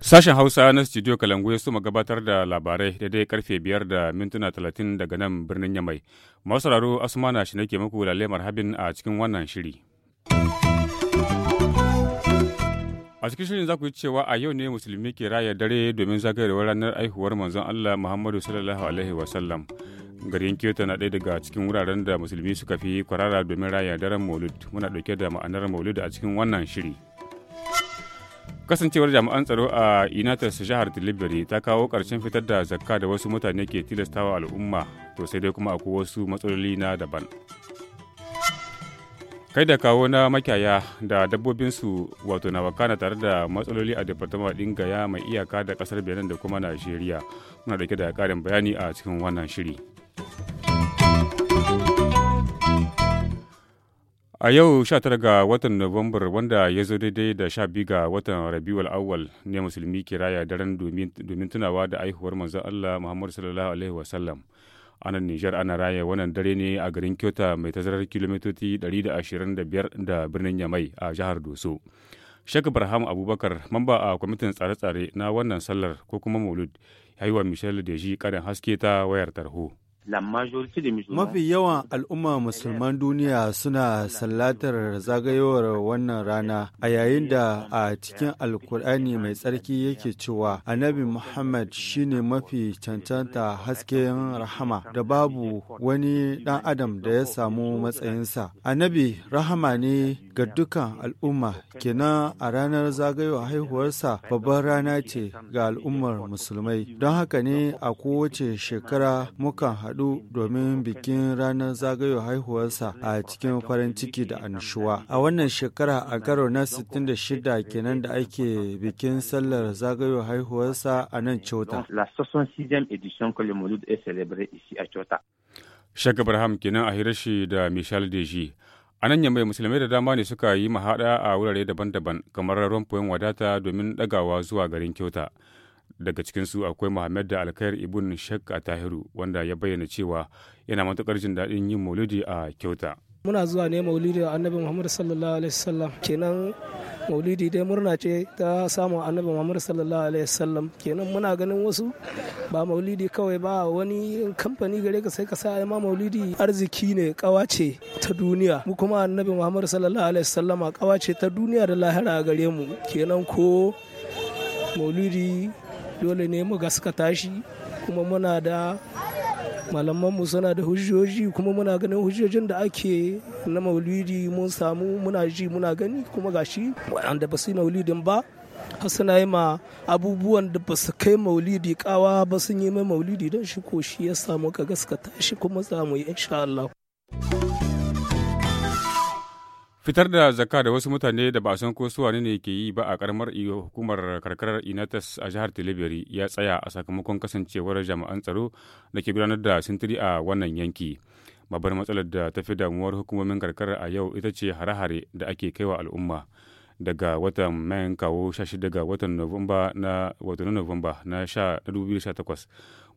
Sashen Hausa na studio Kalangu ya suma gabatar da labarai daidai karfe biyar da mintuna talatin daga nan birnin Yamai. Masu sauraro Asmana shi nake muku lalemar habin a cikin wannan shiri. A cikin shirin za ku yi cewa a yau ne musulmi ke raya dare domin zagayarwar ranar aihuwar manzon Allah Muhammadu sallallahu alaihi wasallam. Garin Kyoto na ɗaya daga cikin wuraren da musulmi suka fi kwarara domin raya daren Maulud. Muna ɗauke da ma'anar Maulud a cikin wannan shiri. Kasancewar jami'an tsaro a United states jihar Delivery ta kawo ƙarshen fitar da zakka da wasu mutane ke tilastawa al'umma to sai dai kuma akwai wasu matsaloli na daban. kai da kawo na makiyaya da dabbobinsu wato na wakana tare da matsaloli a departamentar ɗin gaya mai iyaka da kasar benin da kuma najeriya muna dauke da karin bayani a cikin wannan shiri a yau 19 ga watan nuwambar wanda ya zo daidai da 12 ga watan rabiul awwal ne musulmi kiraya daren domin tunawa da aihuwar manzon allah muhammadu sallallahu alaihi wasallam a nan nijar ana raya wannan dare ne a garin kyoto mai tazarar kilomitoci 125 da birnin yamai a jihar doso shek barham abubakar mamba a kwamitin tsare-tsare na wannan sallar ko kuma maulud ya yi wa michel deji karin haske ta wayar tarho Mafi yawan al'umma musulman duniya suna sallatar zagayowar wannan rana a yayin da a cikin alkur'ani mai tsarki yake cewa annabi Muhammad shine mafi cancanta hasken rahama da babu wani ɗan adam da ya samu matsayinsa. Annabi rahama ne ga dukkan al'umma kenan a ranar zagayowar haihuwarsa babban rana ce ga al'ummar musulmai. Don haka ne a kowace shekara mukan haɗu haɗu domin bikin ranar zagayo haihuwarsa a cikin farin ciki da annushuwa. A wannan shekara a karo na 66 kenan da ake bikin sallar zagayo haihuwarsa a nan Cota. Shaka Barham kenan a hirashi da Michel Deji. a nan yamma musulmai da dama ne suka yi mahaɗa a wurare daban-daban kamar rumfoyin wadata domin ɗagawa zuwa garin kyauta daga cikinsu akwai Muhammad da Alkhair Ibn Shakka Tahiru wanda ya bayyana cewa yana matuƙar jin daɗin yin maulidi a kyauta. Muna zuwa ne maulidi a annabi Muhammad sallallahu alaihi wasallam kenan maulidi dai murna ce ta samun annabi Muhammad sallallahu alaihi wasallam kenan muna ganin wasu ba maulidi kawai ba wani kamfani gare ka sai ka sa ma maulidi arziki ne kawace ta duniya mu kuma annabi Muhammad sallallahu alaihi wasallama kawace ta duniya da lahira gare mu kenan ko maulidi dole ne mu ga suka tashi kuma muna da malamanmu suna da hujjoji kuma muna ganin hujjojin da ake na maulidi mun samu muna ji muna gani kuma gashi waɗanda ba su yi maulidin ba suna yi ma abubuwan da ba su kai maulidi kawa ba sun yi mai maulidi don shi ko shi ya samu ka gaskata shi kuma za mu insha Allah. fitar da zakka da wasu mutane da ba san ko su wane ne ke yi ba a karamar hukumar karkarar inatas a jihar tilibiri ya tsaya a sakamakon kasancewar jami'an tsaro da ke gudanar da sintiri a wannan yanki babbar matsalar da ta fi damuwar hukumomin karkara a yau ita ce hare-hare da ake kaiwa al'umma daga watan mayan kawo 16 ga watan novemba na wato na Nuwamba na 2018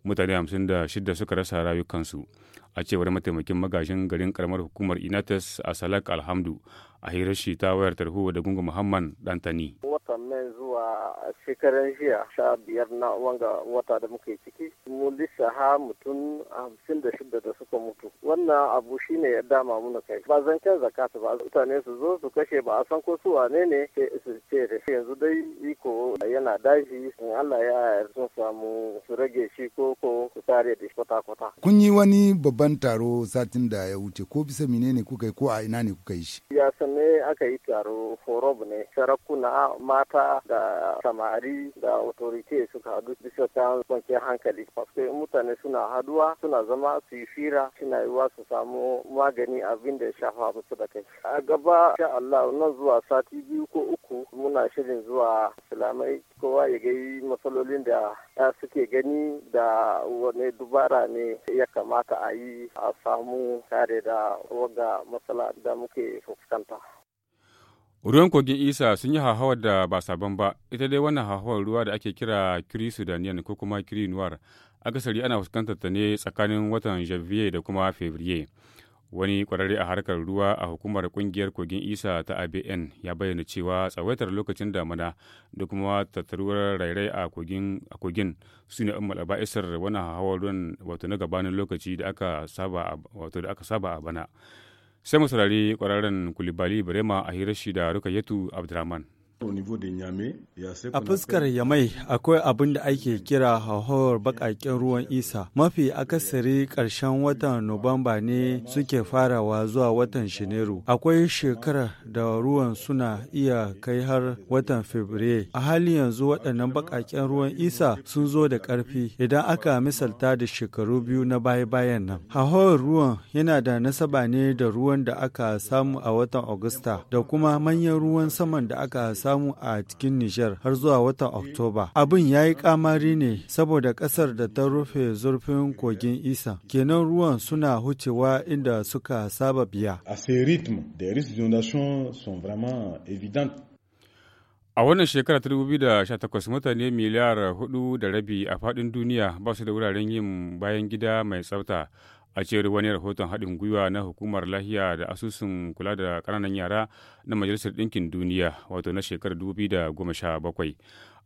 mutane 56 suka rasa rayukansu a cewar mataimakin magajin garin karamar hukumar Inates a Salak Alhamdu a hirar shi ta wayar tarho da gungun Muhammad Dantani. nan zuwa shekaran jiya sha biyar na wanga wata da muke ciki mun lissaha mutum hamsin da shida da suka mutu wannan abu shine ya dama muna kai ba zancen zakatu ba mutane su zo su kashe ba a san ko su wane ne su ce da shi yanzu dai iko yana daji in Allah ya yi sun samu su rage shi ko ko su tare da shi kwata-kwata. Kun yi wani babban taro satin da ya wuce ko bisa menene kuka yi ko a ina ne kuka yi shi? Ya sanne aka yi taro horob ne sarakuna mata ƙasa da samari da autorite suka hadu bisa ta kwanciyar hankali paske mutane suna haduwa suna zama su yi fira suna wa su samu magani abin da ya shafa musu da kai a gaba sha Allah nan zuwa sati biyu ko uku muna shirin zuwa islamai kowa ya gai matsalolin da ya suke gani da wani dubara ne ya kamata a yi a samu kare da waga matsala da muke fuskanta. ruwan kogin isa sun yi hahawar da ba sabon ba ita dai wannan hahawar ruwa da ake kira kiri sudanian ko kuma kiri noir akasari ana fuskantar ta ne tsakanin watan janvier da kuma fevrier wani kwararre a harkar ruwa a hukumar kungiyar kogin isa ta abn ya bayyana cewa tsawaitar lokacin damana da kuma tattaruwar rairai a kogin su ne umar ba'isar wani hahawar ruwan wato na gabanin lokaci da aka saba a bana sai mu saurari kwararren kulibali barema a hirar shi da rukayetu abdurrahman A fuskar Yamai akwai abin da ake kira hauhawar bakaken ruwan isa. Mafi akasari ƙarshen watan Nuwamba ne suke farawa zuwa watan Shineru. Akwai shekarar da ruwan suna iya kai har watan Fabrairu. A hali yanzu waɗannan bakaken ruwan isa sun zo da ƙarfi idan aka misalta da shekaru biyu na baya-bayan nan. Hauhawar ruwan yana da nasaba ne da ruwan da aka samu a watan Agusta da kuma manyan ruwan saman da aka samu samu a cikin Nijar har zuwa watan Oktoba. Abin ya yi kamari ne saboda ƙasar da ta rufe zurfin kogin Isa. Kenan ruwan suna hucewa inda suka saba biya. A wannan shekara ta 2018 mutane miliyar hudu da rabi a faɗin duniya ba su da wuraren yin bayan gida mai tsafta a cewar wani rahoton haɗin gwiwa na hukumar lahiya da asusun kula da ƙananan yara na majalisar ɗinkin duniya wato na shekarar 2017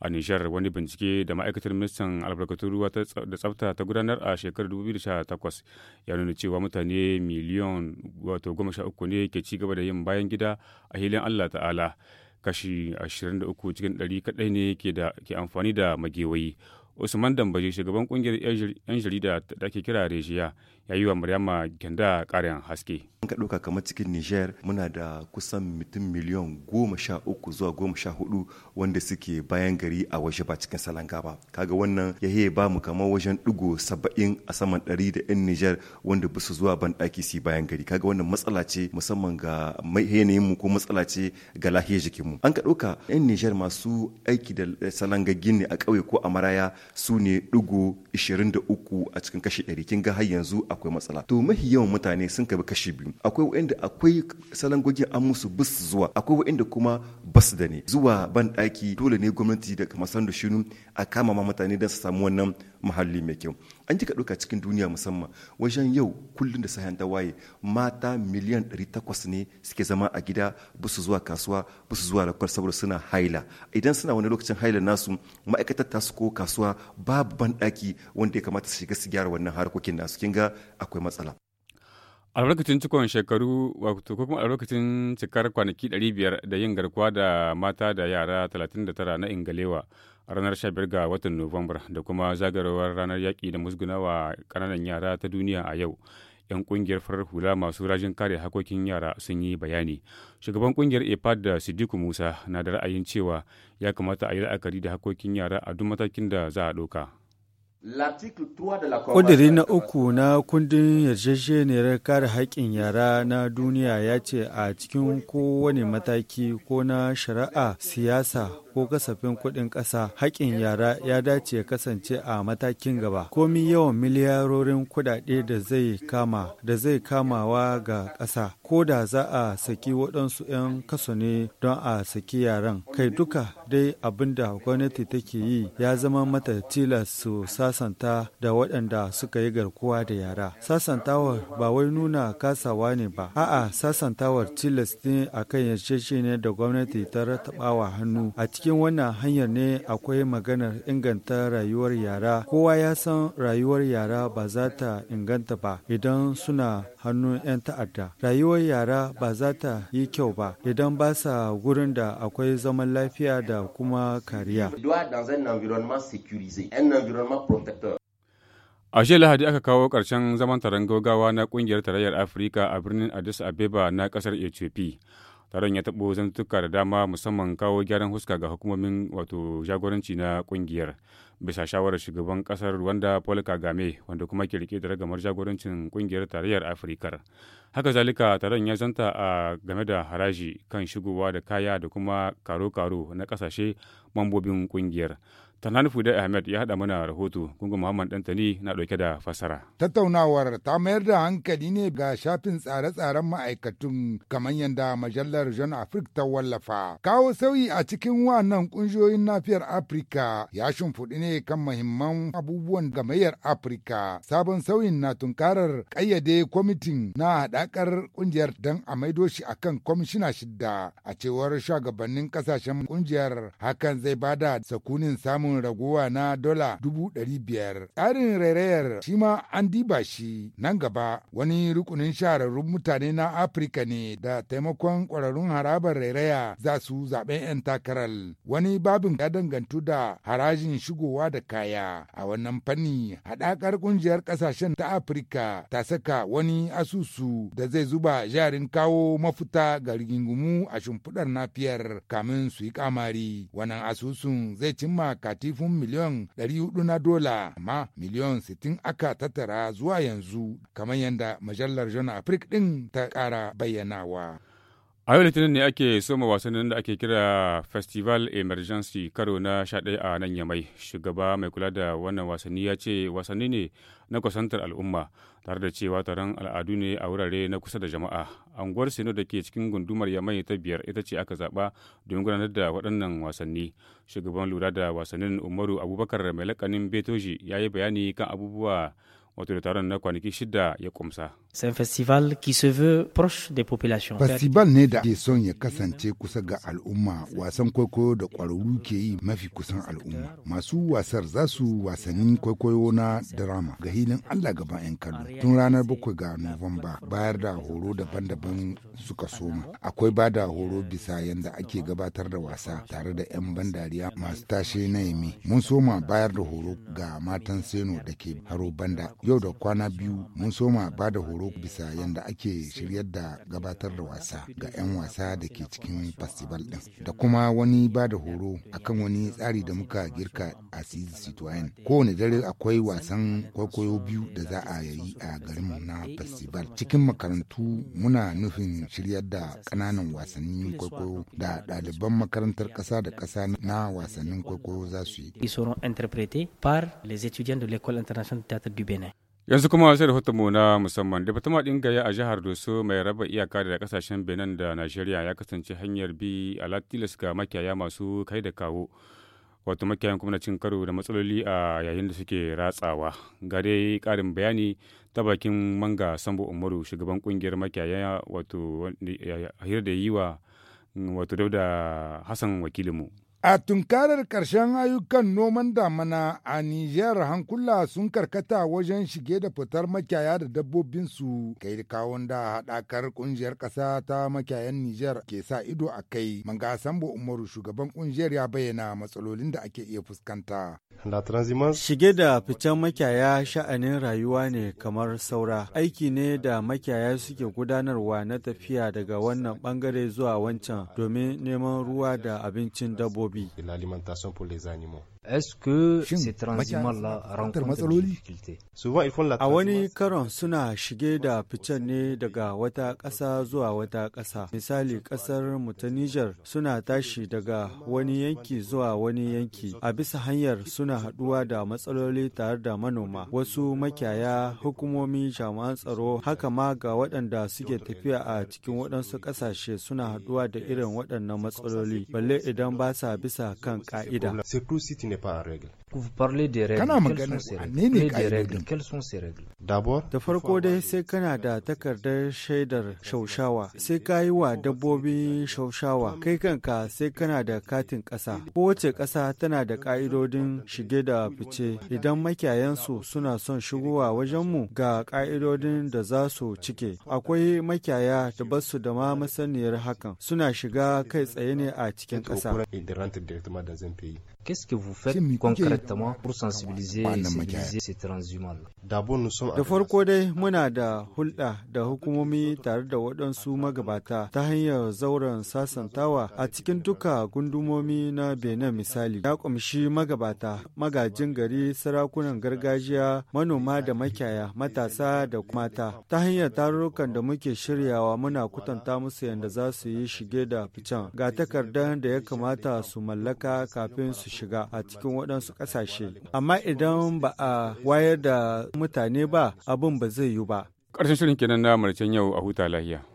a nishar wani bincike da ma'aikatar ministan albarkatun ruwa da tsafta ta gudanar a shekarar 2018 ya nuna cewa mutane miliyan wato 13 ne ke cigaba da yin bayan gida a hilin allah ta'ala kashi 23 cikin 100 kaɗai ne ke amfani da magewayi usman dambaji shugaban kungiyar 'yan jarida da ake kira rejiya ya yi wa Maryama Genda ƙarin haske. An ka ɗauka kamar cikin Niger muna da kusan mutum miliyan goma sha uku zuwa goma sha hudu wanda suke bayan gari a waje ba cikin salanga ba. Kaga wannan ya yi ba mu kamar wajen ɗigo saba'in a saman ɗari da yan Niger wanda ba su zuwa banɗaki ɗaki su bayan gari. Kaga wannan matsala ce musamman ga yanayin mu ko matsala ce ga lahiyar jikin mu. An ka ɗauka yan Niger masu aiki da salangaggi gini a ƙauye ko a maraya su ne ɗigo ishirin da uku a cikin kashi ɗari. Kin ga har yanzu a akwai matsala to mafi yawan mutane sun kabi kashi biyu akwai wanda akwai salon gwajin an musu bus zuwa akwai wanda kuma bus da ne zuwa ban ɗaki dole ne gwamnati da san da shinu a kama ma mutane don su samu wannan muhalli mai kyau an ji ka ɗauka cikin duniya musamman wajen yau kullum da sahan ta waye mata miliyan 800 ne suke zama a gida bus su zuwa kasuwa bus zuwa rakwar saboda suna haila idan suna wani lokacin haila nasu ma'aikatar tasu ko kasuwa babu ban ɗaki wanda ya kamata su shiga su gyara wannan harkokin nasu kin ga akwai matsala a cikon shekaru wato ko kuma a cikar kwanaki 500 da yin garkuwa da mata da yara 39 na ingalewa a ranar 15 ga watan nuwamba da kuma zagarowar ranar yaƙi da musgunawa ƙananan yara ta duniya a yau 'yan kungiyar farar hula masu rajin kare hakokin yara sun yi bayani shugaban kungiyar epad da sidiku musa na da ra'ayin cewa ya kamata a yi la'akari da hakokin yara a duk matakin da za a ɗauka Ƙudiri na uku na kundin yarjejeniyar kare haƙƙin yara na duniya ya ce a cikin kowane mataki ko na shari'a siyasa ko kasafin kuɗin ƙasa haƙƙin yara ya dace ya kasance a matakin gaba. Komi yawan miliyarorin kuɗaɗe da zai kama da zai kamawa ga ƙasa ko da za a saki waɗansu 'yan kaso ne don a saki yaran kai duka dai abin da gwamnati take yi ya zama mata tilas su sasanta da waɗanda suka yi garkuwa da yara sasantawar ba wai nuna kasawa ne ba a'a sasantawar tilas ne akan ne da gwamnati ta ratabawa hannu a cikin wannan hanyar ne akwai maganar inganta rayuwar yara kowa ya san rayuwar yara ba za ta inganta ba idan suna hannun 'yan ta'adda rayuwar yara ba za ta yi kyau ba idan ba sa gurin da akwai zaman lafiya da kuma kariya a shi lahadi aka kawo ƙarshen zaman taron gaugawa na ƙungiyar tarayyar afirka a birnin addis abeba na ƙasar ethiopia taron ya taɓo zantuka da dama musamman kawo gyaran huska ga hukumomin wato jagoranci na ƙungiyar bisa shawarar shugaban kasar rwanda paul kagame wanda kuma ke rike da ragamar jagorancin kungiyar tarayyar afirka haka zalika taron ya zanta a game da haraji kan shigowa da kaya da kuma karo-karo na kasashe mambobin kungiyar. Tanani Fude Ahmed ya haɗa mana rahoto gungun Muhammad Dantani na ɗauke da fasara. Tattaunawar ta mayar da hankali ne ga shafin tsare-tsaren ma'aikatun kamar yadda majalar Jean Afrique ta wallafa. Kawo sauyi a cikin wannan ƙungiyoyin nafiyar Afirka ya shimfiɗi ne kan mahimman abubuwan gamayyar Afirka. Sabon sauyin na tunkarar ƙayyade kwamitin na haɗakar ƙungiyar dan a maido shi a akan kwamishina shidda a cewar shugabannin ƙasashen ƙungiyar hakan zai bada sakunin samun samun ragowa na dola dubu ɗari biyar. Tsarin rairayar shi ma an diba shi nan gaba wani rukunin shahararrun mutane na Afirka ne da taimakon ƙwararrun harabar rairaya za su zaɓen 'yan takarar. Wani babin ya dangantu da harajin shigowa da kaya a wannan fanni haɗakar ƙungiyar ƙasashen ta Afirka ta saka wani asusu da zai zuba jarin kawo mafuta ga rigingumu a shimfiɗar nafiyar kamin su yi kamari. Wannan asusun zai cimma katifin miliyon 400 na dola amma miliyon 60 aka tattara zuwa yanzu kamar yadda majalar jona Africa ɗin ta ƙara bayyanawa. A yau Litinin ne ake soma wasannin da ake kira Festival Emergency karo na 11 a nan Yamai. Shugaba mai kula da wannan wasanni ya ce wasanni ne na kwasantar al'umma tare da cewa taron al'adu ne a wurare na kusa da jama'a. Anguwar Sino da ke cikin gundumar Yamai ta biyar ita ce aka zaba don gudanar da waɗannan wasanni. Shugaban lura da wasannin Umaru Abubakar mai lakanin Betoji ya yi bayani kan abubuwa wato da taron na kwanaki shida ya kumsa. C'est un festival qui se veut proche des populations. Festival ne da ke son ya kasance kusa ga al'umma wasan kwaikwayo da ƙwararru ke yi mafi kusan al'umma. Masu wasar za su wasannin kwaikwayo na drama ga hilin Allah gaban 'yan kallo tun ranar bakwai ga Nuwamba bayar da horo daban-daban suka soma. Akwai ba da horo bisa yanda ake gabatar da wasa tare da 'yan bandariya masu tashe na yami. Mun soma bayar da horo ga matan Seno da ke haro banda. Yau da kwana biyu mun soma ba da horo horo bisa yadda ake shiryar da gabatar da wasa ga 'yan wasa da ke cikin festival din. da kuma wani ba da horo akan wani tsari da muka girka a citoyen kowane dare akwai wasan kwaikwayo biyu da za a yi a garin na festival cikin makarantu muna nufin shiryar da ƙananan wasannin kwaikwayo da ɗaliban makarantar ƙasa da kasa na wasannin kwaikwayo za su yi. Ils seront interprétés par les étudiants de l'École internationale du Bénin. yanzu kuma sai mu na musamman dipatama ɗin gaya a jihar doso mai raba iyaka da kasashen benin da nigeria ya kasance hanyar bi a latilas ga makiyaya masu kai da kawo wato makiyayan kuma na cin karo da matsaloli a yayin da suke ratsawa ga dai karin bayani ta bakin manga sambo umaru shugaban kungiyar makiyaya wato da yi wa wato dauda hassan wakilinmu A tunkarar ƙarshen ayyukan noman damana a Nijar hankula sun karkata wajen shige da fitar makyaya da dabbobinsu kai da kawon da haɗakar ƙungiyar ƙasa ta makiyayan Nijar ke sa ido a kai. Manga Sambo Umaru shugaban ƙungiyar ya bayyana matsalolin da ake iya fuskanta. Shige da ficen makiyaya sha'anin rayuwa ne kamar saura. Aiki ne da makiyaya suke gudanarwa na tafiya daga wannan bangare zuwa wancan domin neman ruwa da abincin dabbobi. Est-ce que ces transhumants-là rencontrent des difficultés? A wani karon suna shige da ficen ne daga wata ƙasa zuwa wata ƙasa. Misali ƙasar mu ta Niger suna tashi daga wani yanki zuwa wani yanki. A bisa hanyar suna haɗuwa da matsaloli tare da manoma, wasu makiyaya, hukumomi, jami'an tsaro, haka ma ga waɗanda suke tafiya a cikin waɗansu ƙasashe suna haɗuwa da irin waɗannan matsaloli, balle idan ba sa bisa kan ƙa'ida. n'est pas en règle. Vous parlez des règles. Kana ne Quelles sont ces règles? D'abord. Da farko dai sai kana da takardar shaidar shaushawa, sai ka yi wa dabbobi shaushawa, kai kanka sai kana da katin ƙasa. Kowace ƙasa tana da ƙa'idodin shige da fice. Idan makiyayansu suna son shigowa wajenmu ga ƙa'idodin da zasu su cike. Akwai makiyaya da basu da ma masaniyar hakan, suna shiga kai tsaye ne a cikin ƙasa. Qu'est-ce que vous faites concrètement pour sensibiliser et civiliser ces transhumants Da farko dai muna da hulɗa da hukumomi tare da waɗansu magabata ta hanyar zauren sasantawa a cikin duka gundumomi na Benin misali. Ya ƙumshi magabata, magajin gari, sarakunan gargajiya, manoma da makiyaya, matasa da mata. Ta hanyar tarurrukan da muke shiryawa muna kutanta musu yadda za su yi shige da ficen ga takardar da ya kamata su mallaka kafin su shiga a cikin waɗansu ƙasashe amma idan ba a wayar da mutane ba abin ba zai yi ba ƙarshen shirin kenan na yau a huta lahiya